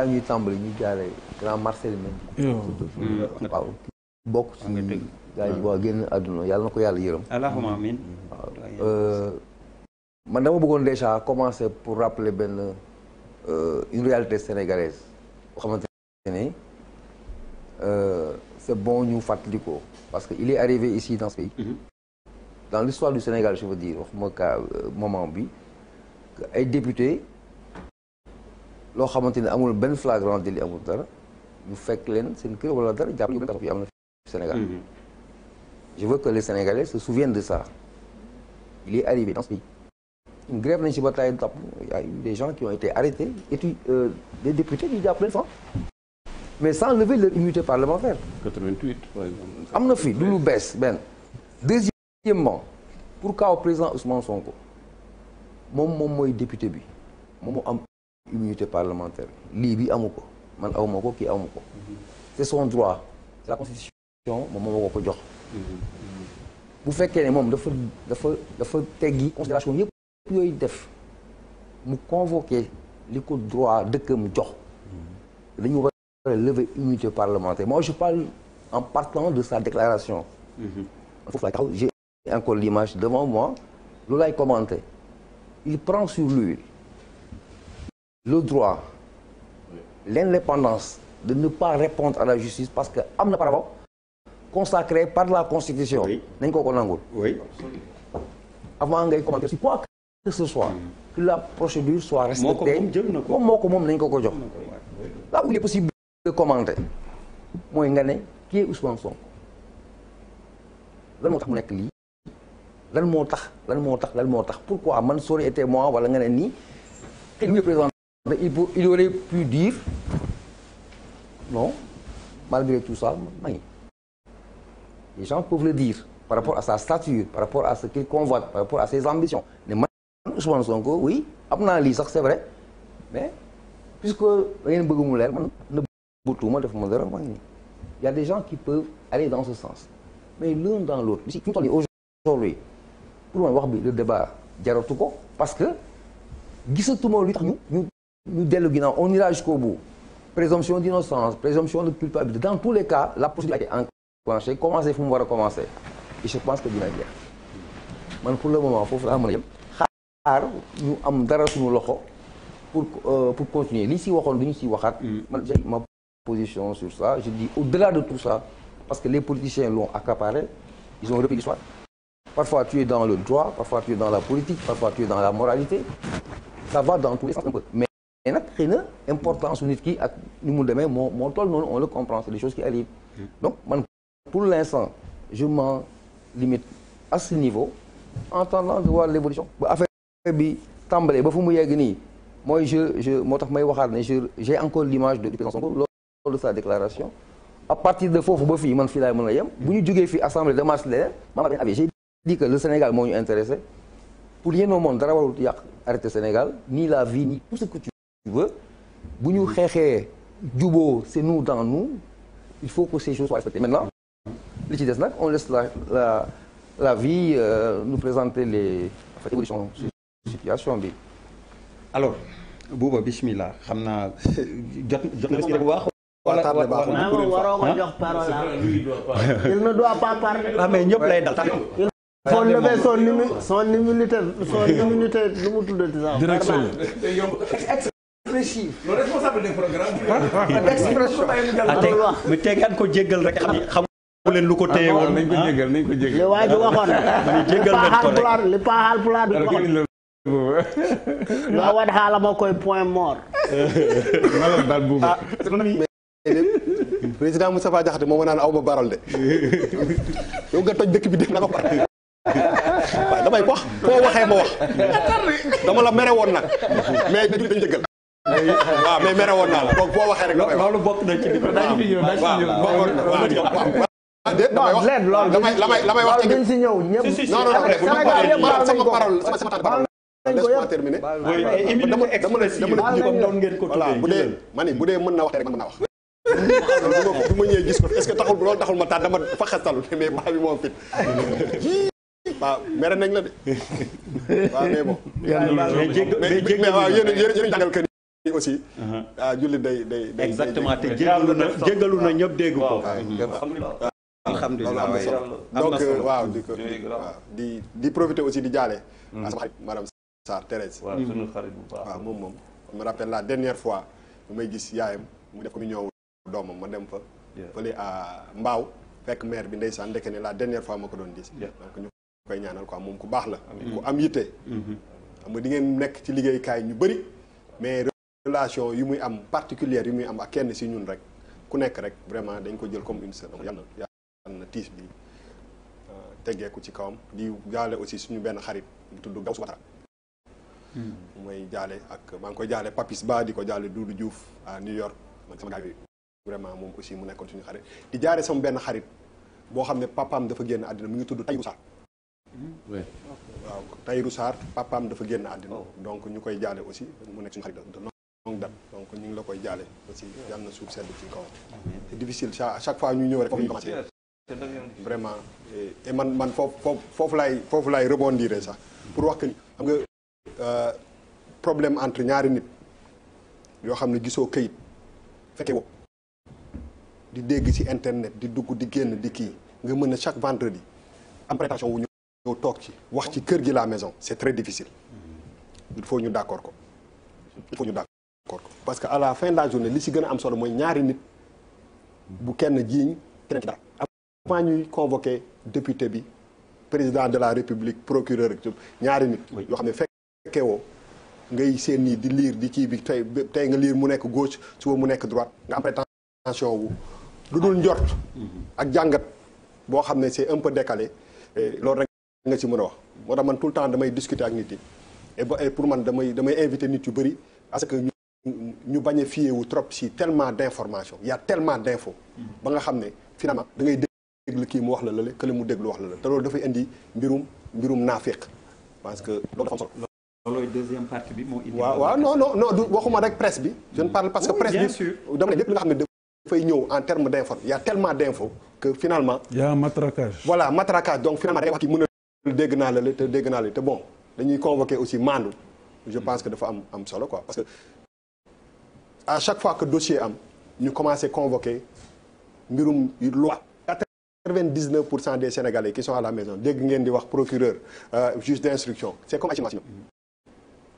balaa ñuy tàmbali ñu jaaree grand Marcel Mendy. waaw bokk ci ah, gaa yi ah. waaw génn yàlla na ko yàlla yërëm. allahumma amiin. Euh, man dama bëggoon déjà commencer pour rappeler benn euh, une réalité sénégalaise xamante ne euh, c'est bon ñu fàttali parce que il est arrivé ici dans ce pays. Mm-hmm. dans l'histoire du Sénégal je veux dire waxuma ka moment bi ay député. loo xamante ni amul benn flagrant délit amul dara ñu fekk leen seen kër wala dara jàpp yu am na Sénégal mm-hmm. je veux que les Sénégalais se souviennent de ça il est arrivé dans ce pays une grève nañ si bataille tapp y a eu des gens qui ont été arrêtés et puis euh, des députés ñu jàpp sans mais sans lever leur immunité parlementaire 88 par exemple am na fi du lu bees benn deuxièmement pour kaw président Ousmane Sonko moom moom mooy député bi moom moo immunité parlementaire lii bi amu ko man aw ma ko kii aw ma c'est son droit la constitution moom moo ma ko jox bu fekkee ne moom dafa dafa dafa teggi considération yëpp yooyu def mu convoqué li ko droit dëkkam jox dañu war a lever immunité parlementaire moi je parle en partant de sa déclaration foofu laa taxaw j'ai encore l'image devant moi loolu ay commenté il prend sur lui le droit l'indépendance de ne pas répondre à la justice parce que am na par consacré par la constitution nañ ko ko nangul avant ngay commenter si quoi que ce soit mm. que la procédure soit respectée moom moo ko moom nañ ko ko jox là où il est possible de commenter mooy nga ne qui est Ousmane Sonko lan moo tax mu nekk lii lan moo tax lan moo tax lan moo tax pourquoi man sori était moi wala nga ne nii mais il peut il aurait pu dire non malgré tout ça Macky les gens peuvent le dire par rapport à sa stature par rapport à ce qu'il convoite par rapport à ses ambitions ne man Ousmane Sonko oui am lii sax c'est vrai mais puisque da ngeen bëgg mu leer man na bëgg def ma dara maa ngi il y a des gens qui peuvent aller dans ce sens mais l'un dans l'autre si fi pour man wax bi le débat jaratu parce que ñu dellu ginnaaw on ira jusqu'au bout présomption d'innocence présomption de culpabilité dans tous les cas la procédure a été enclenchée commencé fu mu war a commencé et je pense que dina jeex man pour le moment foofu laa mën a yem xaar dara suñu loxo pour euh, pour continuer li si waxoon du ñu si waxaat mm. man j'ai ma position sur ça je dis au-delà de tout ça parce que les politiciens l'ont accaparé ils ont repris l'histoire parfois tu dans le droit parfois tu dans la politique parfois tu dans la moralité ça va dans tous les sens mais nag xëy na importance su nit ki ak ni mu demee moo moo tol noonu on le comprend c'est des choses qui arrivent mm. donc man pour l'instant je m'en limite à ce niveau en attendant de voir l'évolution ba affaire bi tàmbalee ba fu mu yegg nii mooy je je moo tax may waxaat ne je j'ai encore l'image de sa déclaration à partir de foofu ba fii man fii laay mën a yem bu ñu jógee fii assemblée de mars leneen maa ngi avis j'ai dit que le Sénégal moo ñu intéressé pour rien au monde dara warul yàq arrêté Sénégal ni la vie bu ñu xeexee juboo c'est nous dans nous il faut que ces choses soient respectées maintenant li ci des nag on laisse la la vie euh, nous présenter les en fait, évolutions situation bi. alors bismillah xam naa jot jot nga expressif. non responsable ah, ah, ah. ko jéggal rek xam xam leen lu ko téye woon. nañ ko jéggal nañ jéggal. ma koy point mort. malam président Moustapha Diakhaté moom ma naan baral de. yow wax foo waxee ma wax. dama la mere woon nag. mais dañu dañu jéggal. waaw mais mere woon naa la donc boo waxee rek. loolu bokk na ci li waaw waaw lenn loolu damay damay damay wax ci si ñëw ñëpp. la si si sama parole sama parole. laisse-moi terminer. dama dama la si ngeen ko voilà bu dee ma ni bu dee mën na wax rek mën na wax. bu ma ñëwee gis ko est-ce que taxul loolu taxul ma taat dama fa xasalu mais baa bi moom fit. mais mais jéggi waaw yéen a yéen a jàngal aussi. Uh-huh. Ah, julli day day day exactement te jéggalu na jéggalu na ñëpp dégg ko. Mm-hmm. alhamdulilah donc waaw di ko di di profiter aussi di jaale. Mm-hmm. sama xarit madame Sarr Thérèse. waaw mm-hmm. sunu xarit bu baax. waaw moom moom me rappelle la dernière fois may gis yaayam mu def ko mu ñëw doomam ma dem fa. fële à Mbaaw fekk maire bi ndeysaan ndeke ne la dernière fois ma ko doon gis. donc ñu koy ñaanal quoi moom ku baax la. ku am yitte. xam nga nekk ci liggéeykaay ñu bëri relation yi muy am particulière yi muy am ak kenn si ñun rek ku nekk rek vraiment dañ ko jël comme une seule yàlla na yàlla na tiis bi euh, teggeeku ci kawam di jaale aussi suñu benn xarit bu tudd Gaoussou hmm. mooy jaale ak maa ngi koy jaale Papis Ba di ko jaale Doudou Diouf à New York ak sama gars yooyu vraiment moom aussi mu nekkoon suñu xarit di jaare sama benn xarit boo xam ne papaam dafa génn àddina mu ngi tudd Tayrou Sarr hmm. waaw Tayrou génn àddina oh. donc ñu koy jaale aussi donc ñu ngi la koy jaale aussi yàlla na suuf sedd ci kawam. c'est difficile chaque fois ñu ñëw rek. vraiment et man man foofu foofu laay foofu laay rebondir sax pour wax que xam nga euh, problème entre ñaari nit yoo xam ne gisoo kayit fekke wo di dégg ci internet di dugg di génn di kii nga mën a chaque vendredi am prestation wu ñëw toog ci wax ci kër gi la maison c'est très difficile mm-hmm. il faut ñu d'accord ko il ñu d'accord parce que à la fin de la li ci gën a am solo mooy ñaari nit bu kenn jiiñ keneen ci dara avant ñuy convoqué député bi président de la république procureur ak ñaari nit yoo xam ne fekkee woo ngay seen nii di liir di kii bi tey tey nga liir mu nekk gauche suba mu nekk droite nga am prétention wu lu dul njort ak jàngat boo xam ne c'est un peu loolu rek nga ci mën a wax moo tax man tout le temps damay discuter ak nit yi et pour man damay damay invité nit yu bëri ñu bañ a fiyewu trop si tellement d' information y' tellement d' info ba nga xam ne finalement da ngay déglu kii mu wax la lale kële mu déglu wax la la te loolu dafay indi mbirum mbirum naaféq parce que loolu dafa am solo bi moo indi. waaw waaw non non non du waxuma rek presse bi. parce que presse bi dama ne lépp li nga xam ne dafay ñëw en terme d' info a tellement d' info que finalement. y' a matraquage. voilà matraquage donc finalement day wax naa la te dégg naa la te bon dañuy convoqué aussi maandu. dafa am am solo quoi à chaque fois que dossier am ñu commencé convoqué mbirum loi quatre vingt dix pour cent des sénégalais qui sont à la maison dégg ngeen di wax procureur euh, juge d'instruction c'est comme acimaci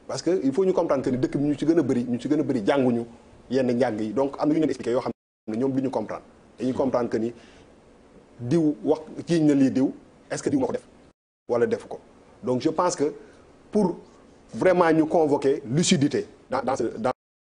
parce que il faut ñu comprendre que ni dëkk bi ñu ci gën a bëri ñu ci gën a bëri jànguñu yenn njàng yi donc am na yu ñu expliqué yoo xam ne ñoom du ñu comprendre dañuy comprendre que ni diw wax jiiñ na lii diw est-ce que diw moo ko def wala def ko donc je pense que pour vraiment ñu convoquer lucidité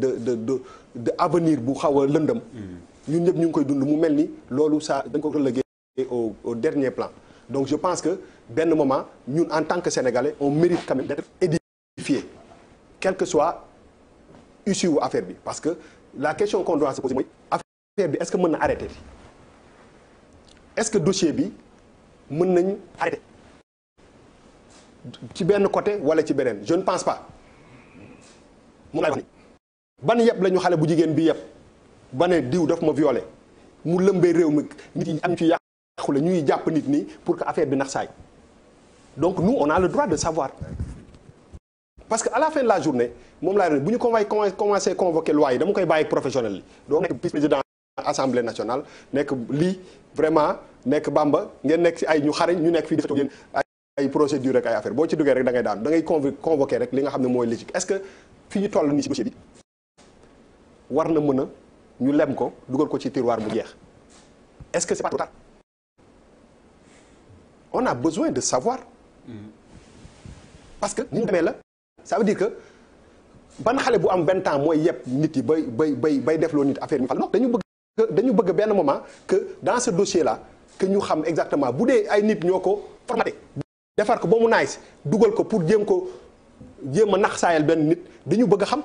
de de de de avenir bu xaw a lëndëm. Mm. ñun ñëpp ñu ngi koy dund mu mel ni loolu ça dañ ko relégué au au dernier plan donc je pense que benn moment ñun en tant que sénégalais on mérite quand même d'être édifié quel que soit issue wu affaire bi parce que la question qu'on doit se poser mooy affaire bi est-ce que mën na arrêter est-ce que dossier bi mën nañ arrêter ci benn côté wala ci beneen je ne pense pas ban yëpp la ñu xale bu jigéen bi yëpp ba ne diw daf ma violé mu lëmbee réew mi nit yi am ci yàqule ñuy jàpp nit ni pour que affaire bi nax saay donc nous a le droit de savoir parce que à la fin de la journée moom laa ne bu ñu convoqué commencé convoqué yi dama koy bàyyi professionnel yi doo nekk vice président assemblée nationale nekk lii vraiment nekk bamba ngeen nekk si ay ñu xarañ ñu nekk fii def ay procédure rek ay affaire boo ci duggee rek da nga xam ne mooy légitime est toll nii si dossier war na mën a ñu lem ko dugal ko ci tiroir bu jeex est-ce que c'est pas trop tard on de savoir parce que ni mu demee la ça veut dire que ban xale bu am benn temps mooy yëpp nit yi bay bay bay bay def loo nit affaire ñu fal non dañu bëgg dañu bëgg benn moment que dans ce dossier là que ñu xam exactement bu dee ay nit ñoo ko formaté defar ko ba mu naaj dugal ko pour jéem ko jéem a nax saayal benn nit dañu bëgg a xam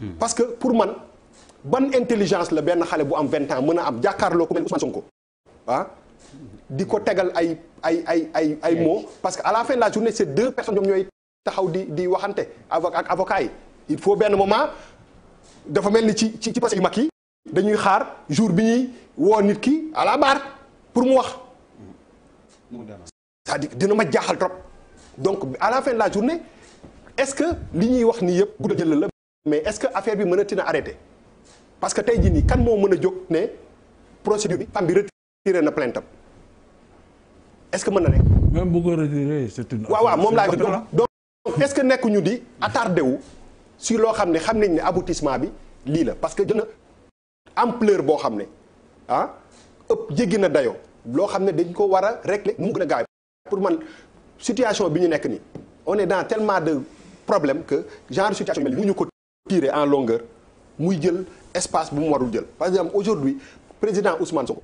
Hmm. parce que pour man ban intelligence la benn xale bu am vingt ans mën a am jàkkaarloo ko mel Ousmane Sonko ko ah? di ko tegal ay ay ay ay ay mots parce que à la fin de la journée c'est deux personnes ñooy taxaw di di waxante avoc ak avocat il faut benn moment dafa mel ni ci ci ci passé mag yi dañuy xaar jour bi ñuy woo nit ki à la pour mu wax cest dina ma jaaxal trop donc à la fin de la journée est-ce que li ñuy wax nii yëpp guddal jël la mais est-ce que affaire bi mën a tina arrêté parce que tey jii nii kan moo mën a jóg ne procédure bi PAM bi na plainte am est-ce que mën na nekk. bu ko retiré waaw waaw moom laa donc est-ce que nekk ñu di attardé wu si loo xam ne xam nañ ne aboutissement bi lii la parce que jël na ampleur boo xam ne ah ëpp jéggi na dayoo loo xam ne dañ ko war a régler mu gën a gaaw pour man situation bi ñu nekk nii on est dans tellement de problèmes que genre situation bi ñu ko. tirer en longueur muy jël espace bu mu warul jël par exemple aujourd'hui président Ousmane ko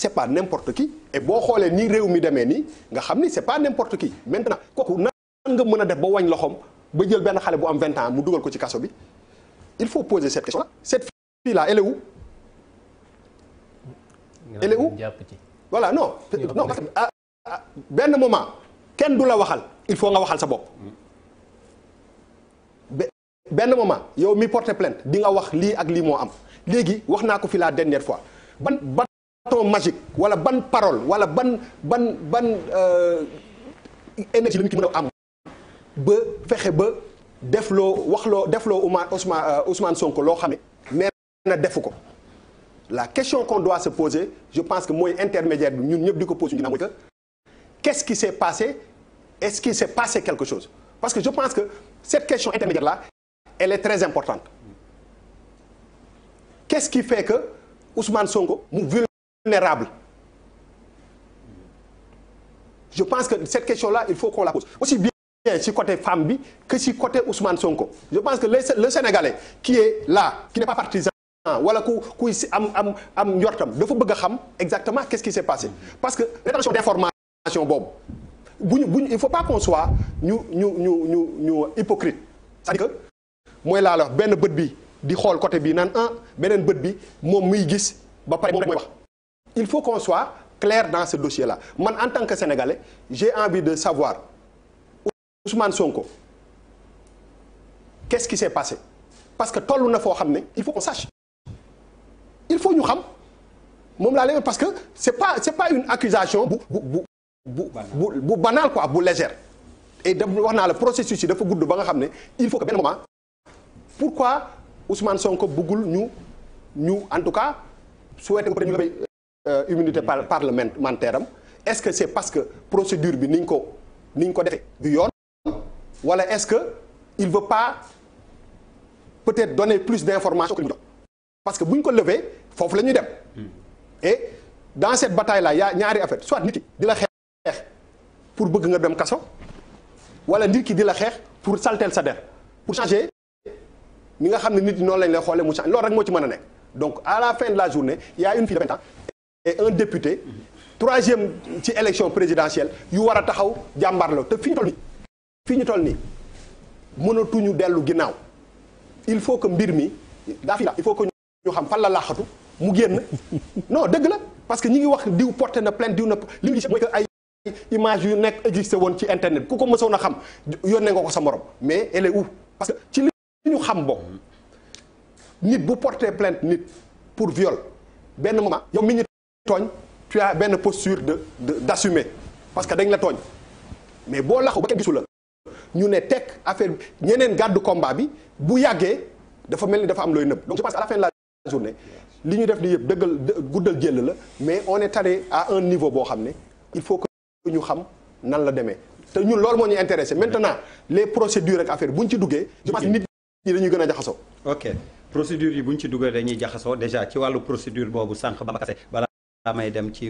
c'est pas n'importe qui et boo xoolee nii réew mi demee nii nga xam ni c'est pas n'importe qui maintenant kooku nan nga mën a def ba wañ loxoom ba jël benn xale bu am 20 ans mu dugal ko ci kaso bi il faut poser cette question là cette fille là elle est où elle est où voilà non ah, ah, benn moment kenn du la waxal il faut nga waxal sa bopp benn moment yow mi porté plainte di nga wax lii ak lii moo am léegi wax naa ko fi la dernière fois ban bâton magique wala ban parole wala ban ban ban euh, énergie la ñu ki mën a am ba fexe ba def loo wax loo def loo Ouma Ousmane euh, Ousmane Sonko loo xam ne mais na defu ko la question qu'on doit se poser je pense que mooy intermédiaire bi ñun ñëpp di ko pose dina mooy que qu'est-ce qui s'est passé est-ce qu'il s'est passé quelque chose parce que je pense que cette question intermédiaire là elle est très importante qu'est-ce qui fait que Ousmane Sonko mu vulnérable je pense que cette question-là il faut qu'on la pose aussi bien si côté femme bi que si côté Ousmane Sonko je pense que le Sénégalais qui est là qui n'est pas partisan wala ku kuy si am am am njortam dafa bëgg a xam exactement qu'est-ce qui s'est passé parce que rétention d'information boobu bu ñu bu ñu il faut pas qu'on soit ñu ñu ñu ñu ñu hypocrite sa dire que mooy laa la wax benn bët bi di xool côté bi naan ah beneen bët bi moom muy gis ba pare moom mooy wax il faut qu'on soit clair dans ce dossier la man en tant que sénégalais j'ai envie de savoir Ousmane Sonko qu'est-ce qui s'est passé parce que toll na foo xam ne il faut qu'on sache il faut ñu xam moom laa lay parce que c'est pas c'est pas une accusation bu bu bu bu bu banale quoi bu légère et da wax naa la processus yi dafa gudd ba nga xam ne il faut que benn moment pourquoi Ousmane Sonko bëggul ñu ñu en tout cas souhaité peut-être ñu la immunité parlementaire am est-ce que c'est parce que procédure bi niñ ko niñ ko defee du yoon wala est-ce que il veut pas peut-être donner plus d'informations que ñu jox parce que bu ñu ko levee foofu la ñuy dem hmm. et dans cette bataille là y'a ñaari affaire soit nit ki di la xeex pour bëgg nga dem kaso wala nit ki di la xeex pour saltel sa der pour changer mi nga xam ne nit noonu lañ lay xoolee mu change loolu rek moo ci mën a nekk donc à la fin la journée il y a une fille de vingt un député troisième ci élection présidentielle yu war a taxaw jàmbarloo te fi ñu toll nii fi ñu dellu ginnaaw il faut que mbir mi daa fi il faut que ñu xam fan la laaxatu mu génn non dëgg la parce que ñu ngi wax diw porté na plainte diw na li ñu mooy ay image yu nekk existé woon ci internet ku ko mësoon a xam yónnee nga ko sa morom ñu xam bokk nit bu porter plainte nit pour viol benn moment yow mi ñu tooñ tu benn posture de d'assumer parce que dañ la tooñ mais boo laxu ba kenn gisu la ñu ne tekk affaire bi ñeneen gàddu combat bi bu yàggee dafa mel ni dafa am looy nëb donc je pense la fin de la journée li ñu def ni yëpp dëggal guddal jël la mais on est allé à un niveau boo xam ne il faut que ñu xam nan la demee te ñun loolu moo ñu intéressé maintenant les procédures ak affaire bu ñu ci duggee yi dañuy gën a jaxasoo. ok procédure yi bu ñu ci dugal dañuy jaxasoo déjà ci wàllu procédure boobu sànq ba ma kase balaa may dem ci.